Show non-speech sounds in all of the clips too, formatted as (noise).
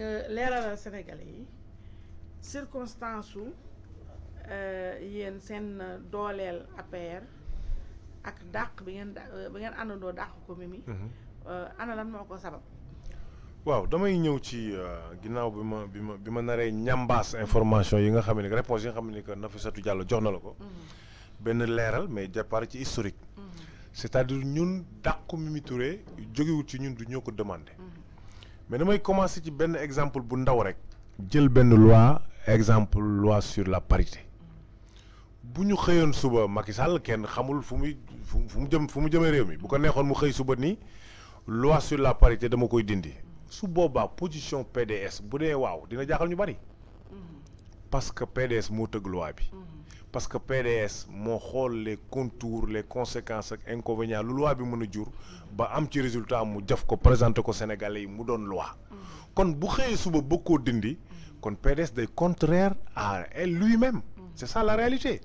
nga Sénégalais yi circonstance euh, yeen sen dolel APR ak bi ngeen euh, bi ngeen ko Mimi. Mhm. Euh, ana lan moko sabab. damay ci information yi nga xamné réponse yi nga xamné que y Diallo mhm. mais historique. Mhm. c'est-à-dire ñun nous Mimi Touré ci ñun du mais damay commencer ci benn exemple bu ndaw rek jël benn loi exemple loi sur la parité bu ñu xëyoon suba Macky Sall kenn xamul fu muy fu mu jëm fu mu jëmee réew mi bu ko neexoon mu xëy suba nii loi sur la parité dama koy dindi su boobaa position PDS bu dee waaw dina jaaxal ñu bari mm-hmm. parce que PDS moo tëgg loi bi mm-hmm parce que PDS les contours les conséquences les inconvénients les loi bi mën a jur ba am ci résultat mu jaf ko présenté ko Sénégalais yi mu une loi kon bu xey beaucoup bëgg dindi kon PDS est contraire à lui-même c'est ça la réalité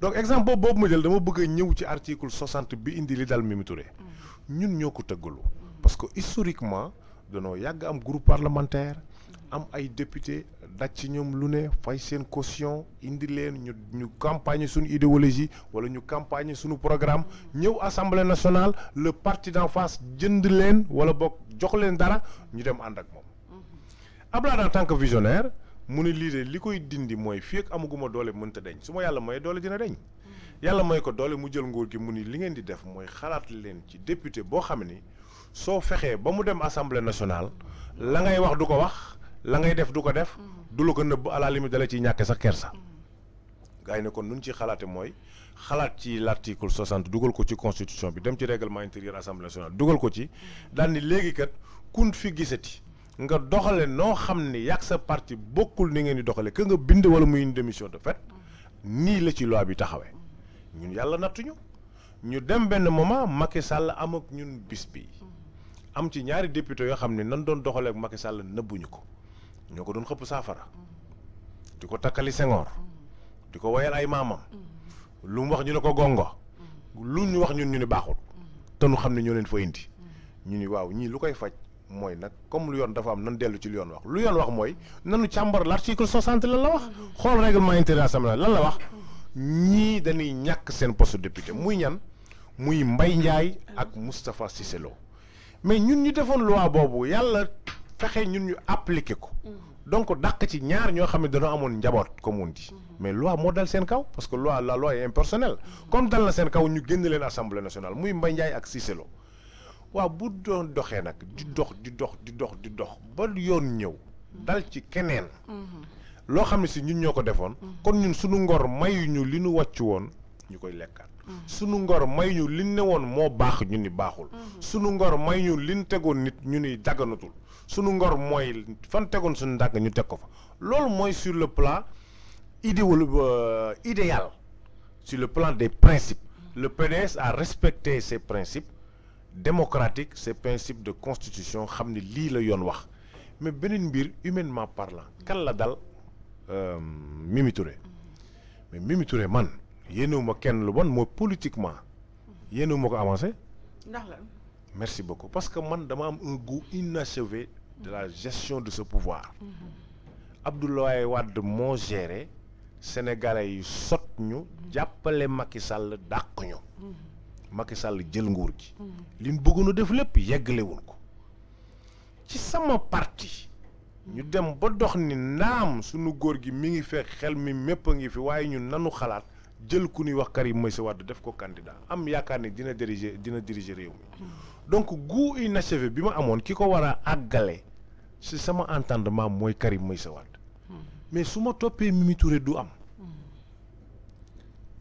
donc exemple si vous avez jël dama bëgg ñëw article 60 bi indi li dal Mimi Touré ñun parce que historiquement y a un groupe parlementaire am ay députés, daj ci ñoom lu ne fay seen caution indi leen ñu ñu campagne suñu idéologie wala ñu campagne suñu programme ñëw assemblée nationale le parti d'en face jënd leen wala bokk jox leen dara ñu dem ànd ak moom. Ablaye en tant que visionnaire mu ne lii de li koy dindi mooy fii ak amaguma doole mënta deñ su ma yàlla mooy doole dina deñ. yàlla mooy ko doole mu jël nguur gi mu ni li ngeen di def mooy xalaat leen ci député boo xam ni soo fexee ba mu dem assemblée nationale la ngay wax du ko wax la ngay def du ko def du la ko nëbb à la limite dala ciy ñàkke sax kersa. gars yi ne kon nu ciy xalaate mooy xalaat ci l' article soixante dugal ko ci constitution bi dem ci règlement intérieur assemblée nationale dugal ko ci daal ni léegi kat kun fi gisati nga doxale noo xam ne yàgg sa parti bokkul ni ngeen di doxale que nga bind wala muy une démission de fait nii la ci loi bi taxawee ñun yàlla nattuñu ñu dem benn moment Macky Sall am ak ñun bis bi am ci ñaari député yoo xam ne nan doon doxalee ak Macky Sall nëbbuñu ko. ñoo ko doon xëpp saafara di ko takkali sengoor di ko wayal ay maamam lu mu wax ñu ne ko gongo lu ñu wax ñun ñu ne baaxul te nu xam ne ñoo leen fa indi ñu ni waaw ñii lu koy faj mooy nag comme lu yoon dafa am nan dellu ci lu yoon wax lu yoon wax mooy nanu càmbar l'article soixante lan la wax xool règlement intérieur assemblée lan la wax ñii dañuy ñàkk seen post député muy ñan muy mbay njaay ak Moustapha Cissé mais ñun ñu defoon loi boobu yàlla fexe ñun ñu appliquer ko. donc dàq ci ñaar ñoo xam ne dañoo amoon njaboot comme on dit mais loi moo dal seen kaw parce que loi la loi est impersonnelle comme dal na seen kaw ñu génn leen assemblée nationale muy Mbaye Ndiaye ak Cissé Lo waaw bu doon doxee nag di dox di dox di dox di dox ba yoon ñëw dal ci keneen. Mm-hmm. loo xam ne si ñun ñoo ko defoon. Mm-hmm. kon ñun suñu ngor mayuñu li ñu wàcc woon. ñu koy lekkaat sunu ngor mayñu ñu liñ ne woon moo baax ñu ni baaxul sunu ngor mayñu ñu liñ tegoon nit ñu ni dagganatul sunu ngor moy fan tegoon suñu dag ñu teg ko fa lool moy sur le plan idéal euh, idéal sur le plan des principes le PDS a respecté ses principes démocratiques ses principes de constitution xamni li la yoon wax mais benen bir humainement parlant kan la dal euh, Mimi Touré mais Mimi Touré man yéenewuma kenn lu bon moy politiquement yéenewuma ko avancé. ndax la merci beaucoup parce que man dama am un goût inachevé de la gestion de ce pouvoir. Mhm. Abdoulaye Wade mo géré sénégalais yi sot ñu mhm. jàppale Macky Sall dàq ñu. Mhm. Macky Sall jël nguur gi. li ñu bëggoon a def lépp ko ci sama parti. ñu dem ba dox ni naam sunu góor gi mi ngi fekk xel mi mepp ngi fi ñu nanu xalaat jël ku ñuy wax Karim Meïssa Wade def ko candidat am yaakaar ne dina diriger dina diriger réew mi donc goût inachevé bi ma amoon ki ko war a àggale si sama entendement mooy Karim Meïssa Wade mais su ma toppee Mimi Touré du am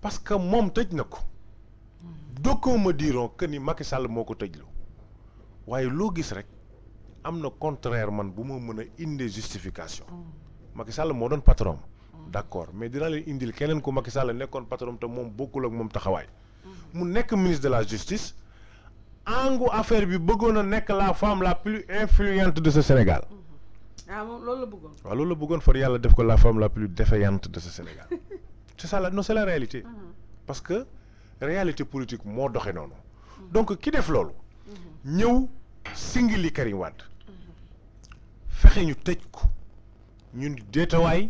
parce que moom tëj na ko d'aucuns me diront que ni Macky Sall moo ko tëjlu waaye loo gis rek am na contraire man bu ma mën a indee justification Macky Sall moo doon patron d'accord mais dinaa leen indil keneen ko Macky Sall nekkoon patron te mom bokkul ak mom taxawaay. mu nekk ministre de la justice. angu affaire bi beugona a que la femme la plus influente de ce Sénégal. ah mom loolu la bëggoon. waaw loolu la bëggoon def ko la femme la plus défaillante de ce Sénégal (laughs) c'est ça la non c'est la réalité. Mhm. parce que réalité politique mo doxee non mhm. donc ki def loolu. Mhm. ñew singili Karim Wade. fexé ñu une ko ñun déetawaay.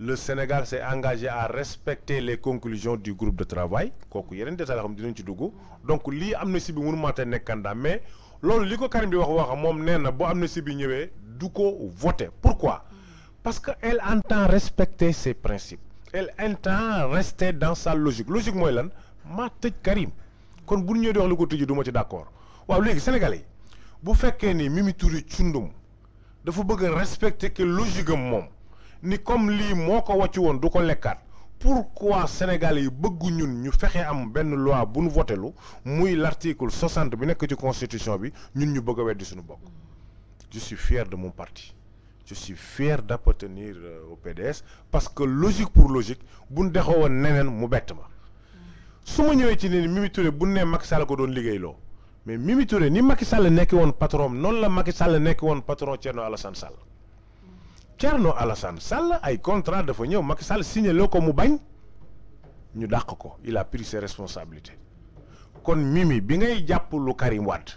le Sénégal s'est engagé à respecter les conclusions du groupe de travail donc ce bi mais loolu na voter pourquoi parce que elle entend respecter ses principes elle entend rester dans sa logique logique moi lan ma tëj Karim kon bu ñëwee di wax li ko d'accord Sénégalais vous bu respecter que logique ni comme lii moo ko wàcc woon du ko lekkaat pourquoi sénégalais yi bëggu ñun ñu fexe am benn loi bu nu votelu muy l' article soixante bi nekk ci constitution bi ñun ñu bëgg a weddi suñu bokk je suis fier de mon parti je suis fier euh, d' appartenir au PDS parce que logique pour logique buñ dexo woon neneen mu bett ma su ma ñëwee ci ne Mimi Touré bu ne Macky Sall ko doon liggéeyloo mais Mimi Touré ni Macky Sall nekk woon patron noon la Macky Sall nekk woon patron Thierno Alassane Sall Thierno Alassane Sall ay contrat dafa ñëw Macky Sall signé loko mu bañ ñu dakk ko il a pris ses responsabilités kon Mimi bi ngay japp lu Karim Wade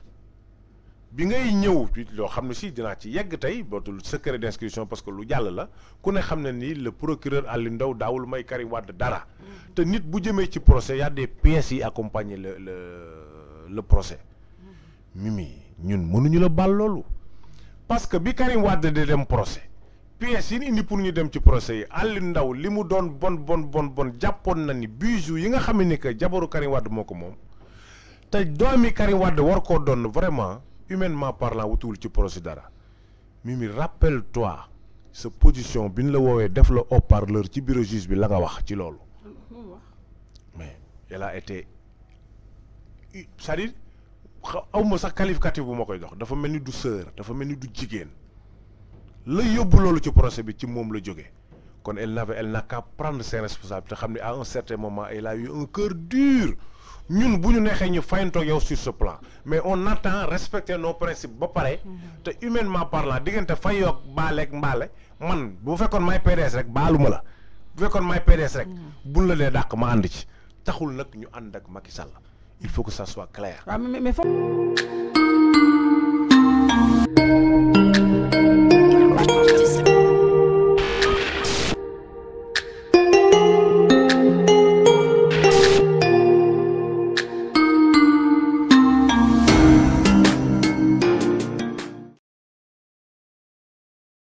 bi ngay ñëw loo xamne ne si dinaa ci yegg tay botul secret d'inscription parce que lu jall la ku ne xamne ni le procureur Ali Ndao dawul may Karim Wade dara te nit bu jëmee ci procès y a des pièces yi accompagner le le le procès Mimi ñun ñu la bal lolu parce que bi Karim Wade de dem procès. pièces yi ñu indi pour ñu dem ci procès yi Aliou Ndao li mu doon bon bon bon bon jàppoon na ni bijoux yi nga xam ni que jabaru Karim Wade moo ko moom te doomi Karim Wade war koo doon vraiment humainement parlant wutuwul ci procès dara Mimi rappelle-toi sa position bi ñu la woowee def la haut-parleur ci bureau juge bi la nga wax ci loolu mais elle a été cest à xaw ma sax qualificatif bu ma koy jox dafa mel ni du sœur dafa mel ni du jigéen le yóbbu ci procès bi ci mom la jógee kon elle n'avait elle n'a qu'à prendre ses responsabilités à un certain moment elle a eu un cœur dur ñun buñu nexé ñu fayantoog yow sur ce plan mais on attend respecter nos principes ba paré mm-hmm. te humainement parlant d'une fayoog au mbalé man bu fekkoon may PDS rek baluma la bu fekkoon may PDS rek mm-hmm. buñ la lé dakk ma and ci taxul nak ñu and ak Macky il faut que ça soit clair mais